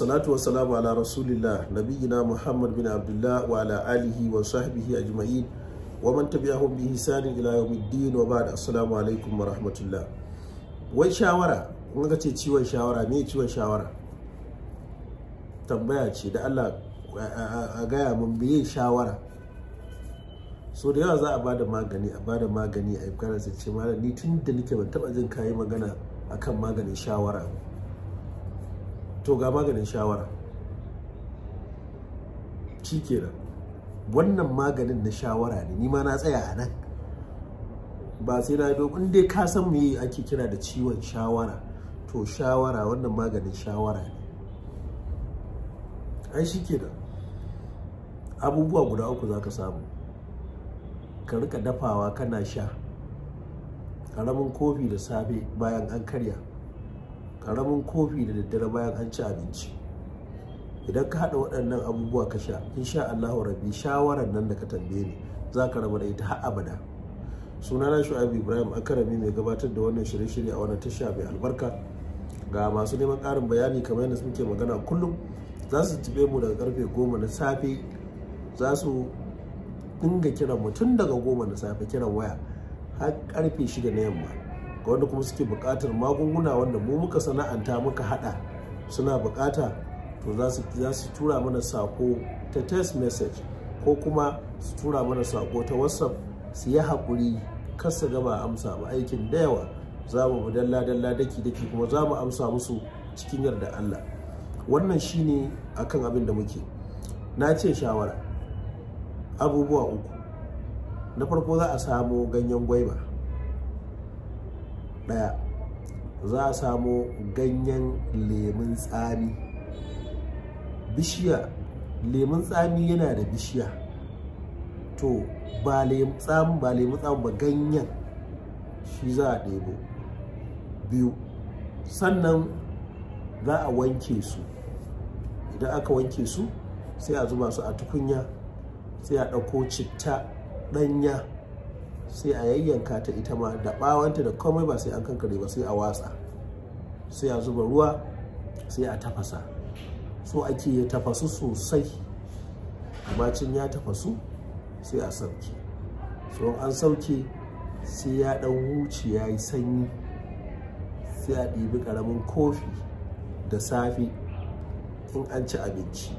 wasalatu wasalamu ala rasulillah nabiyina muhammad bin abdullah wa ala alihi wa sahbihi ajma'in wa man tabi'ahum bi ihsanin ila yawmiddin wa ba'd assalamu alaikum wa rahmatullah wai shawara in ce ciwon shawara me ciwon shawara tambaya ce da Allah a gaya mun biye shawara so da yawa za a bada magani a bada magani a yi kana sai ce malam ni tun da nake ban taba jin kayi magana akan maganin shawara ba to ga maganin shawara shi kenan wannan maganin na shawara ne nima na tsaya a nan ba sai na biyo in dai ka san me ake kira da ciwon shawara to shawara wannan maganin shawara ne ai shi kenan abubuwa guda uku za ka samu ka rika dafawa kana sha ƙaramin kofi da safe bayan an karya karamin kofi da daddare bayan an ci abinci idan ka haɗa waɗannan abubuwa ka sha insha Allah rabbi shawarar nan da ka tambaye ni za ka rabu da ita har abada sunana shu'aib ibrahim akarami mai gabatar da wannan shirye-shirye a wannan tasha mai albarka ga masu neman ƙarin bayani kamar yadda muke magana kullum za su tibe mu daga karfe goma na safe za su dinga kiran mu daga goma na safe kiran waya har karfe shida na yamma wanda kuma suke bukatar magunguna wanda mu muka sana'anta muka haɗa suna bukata to za su tura mana sako ta text message ko kuma su tura mana sako ta whatsapp su yi hakuri kar gaba amsa ba aikin da yawa za mu dalla dalla daki daki kuma za mu amsa musu cikin yarda Allah wannan shine akan abin da muke na ce shawara abubuwa uku na farko za a samo ganyen gwaiba ɗaya za a samo ganyen lemun tsami bishiya lemun tsami yana da bishiya to ba lemun tsami ba lemun tsami ba ganyen shi za a ɗebo biyu sannan za a wanke su idan aka wanke su sai a zuba su a tukunya sai a ɗauko citta ɗanya sai a yayyanka ta ita ma da bawanta da komai ba sai an kankare ba sai a watsa sai a zuba ruwa sai a tafasa so ake ya tafasu sosai amma cin ya tafasu sai a sauke so an sauke sai ya dan wuce ya yi sanyi sai a ɗibi ƙaramin kofi da safe in an ci abinci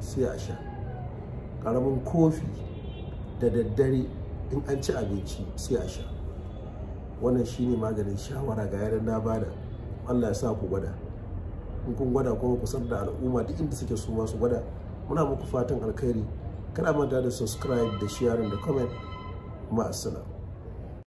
sai a sha ƙaramin kofi da daddare in an ci abinci sai a sha wannan shine maganin shawara ga yaran na bada Allah ya sa ku gwada in kun gwada kuma ku da al'umma duk inda suke su ma su gwada muna muku fatan alkhairi kada manta da subscribe da sharing da comment ma'assalam